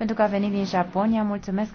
pentru că a venit din Japonia. Mulțumesc